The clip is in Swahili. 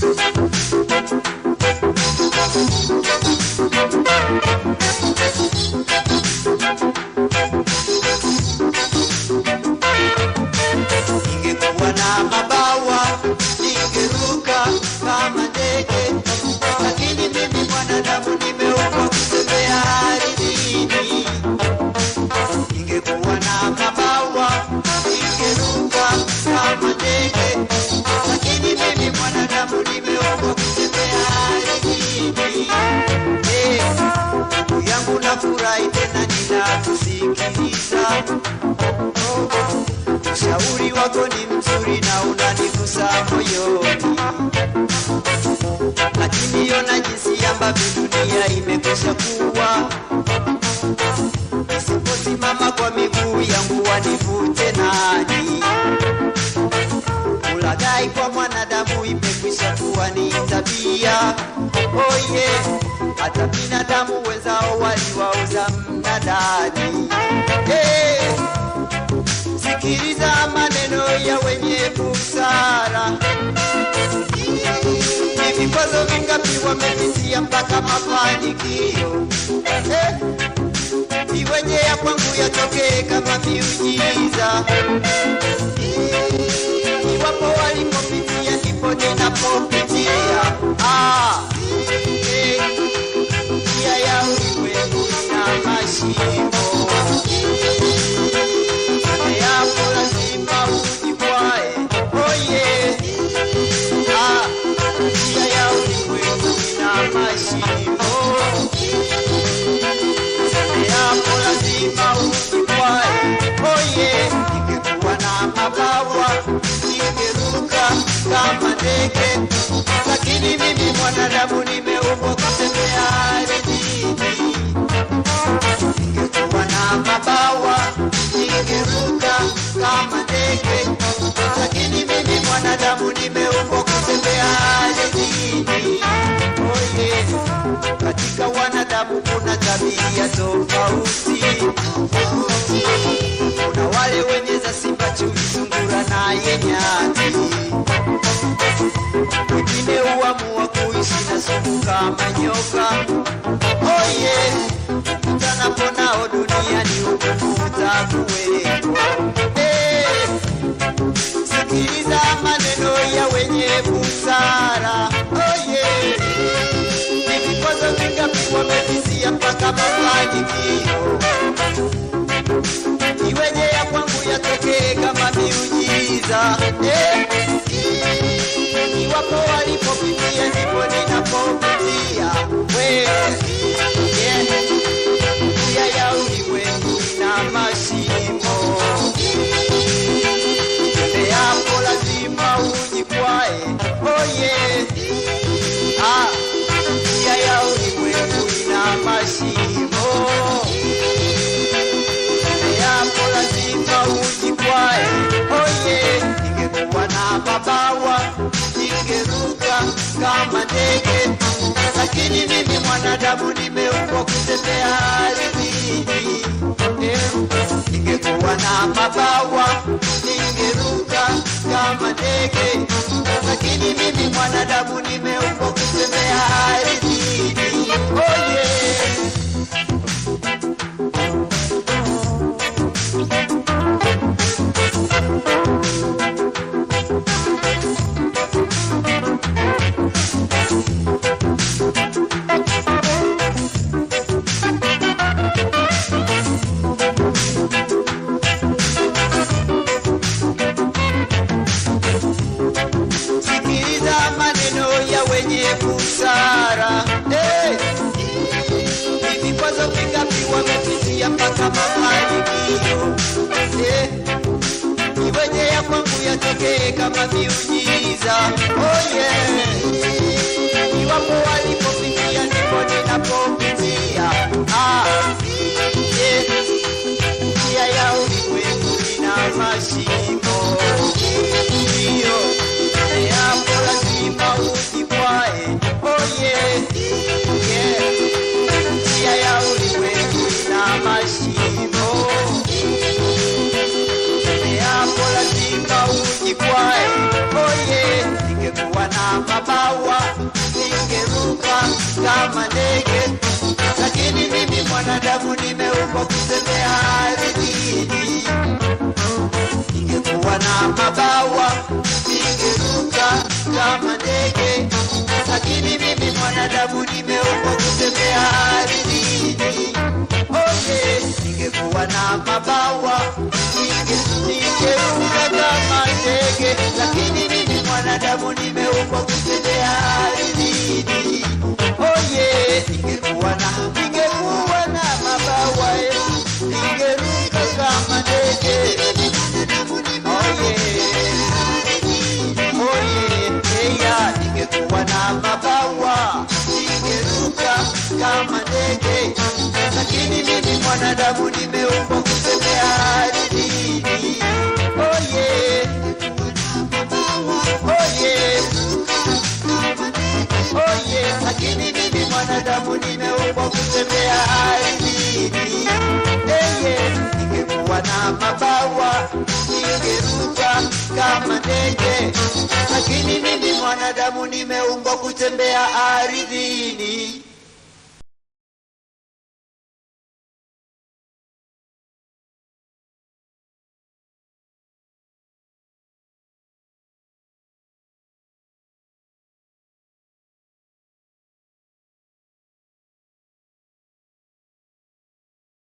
Thank you. Ninafurahi tena ninatusikiliza. Ushauri wako ni mzuri na unanigusa moyoni, lakini ona jinsi ambavyo dunia imekwisha kuwa. Nisiposimama kwa miguu yangu, wanivute nani? Ulaghai kwa mwanadamu imekwisha kuwa ni tabia. Oh yeah hata binadamu wenzao waliwauza mnadani. Hey, sikiliza maneno ya wenye busara. Ni vikwazo vingapi wamepitia mpaka mafanikio hey, iweje ya kwangu yatokee kama miujiza. mateke, lakini mimi mwanadamu nimeumbwa kutembea ardhini. Ningekuwa na mabawa ningeruka kama ndege, lakini mimi mwanadamu nimeumbwa kutembea ardhini. yeah. Katika wanadamu kuna tabia tofauti kuna wale wenye za simba chui, sungura na kama nyoka. Oye, utanaponao duniani hukumu utakuweko. Hey, eh, sikiliza maneno ya wenye busara. Oye, ni vikwazo vingapi wamevizia mpaka mafanikio iweje ya kwangu yatokee kama miujiza Hey. Eh, kama ndege, lakini mimi mwanadamu nimeumbwa kutembea ardhini. Eh, ningekuwa na mabawa ningeruka kama ndege, lakini mimi mwanadamu nime wazopi ngapi wamepitia mpaka mafanikio eh, iweje ya kwangu yatokee kama miujiza oh yeah. iwapo wali kama ndege, lakini mimi mwanadamu nimeumbwa kutembea ardhini. Ningekuwa na mabawa ningeruka kama ndege, lakini mimi mwanadamu nimeumbwa kutembea ardhini. Okay, ningekuwa na mabawa ningeruka kama ndege mwanadamu nimeumbwa kutembea ardhini. Oye, ningekuwa na ningekuwa na mabawa elfu ningeruka kama ndege. kama ndege, lakini mimi mwanadamu nimeumbwa kwa kusemea ardhi. Eye, ningekuwa na mabawa ningeruka kama ndege, lakini mimi mwanadamu nimeumbwa kutembea ardhini.